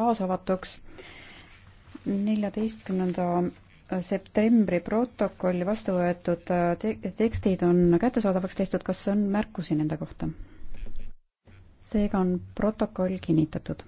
kaasavatuks. neljateistkümnenda septembri protokolli vastu võetud äh, te tekstid on kättesaadavaks tehtud, kas on märkusi nende kohta? seega on protokoll kinnitatud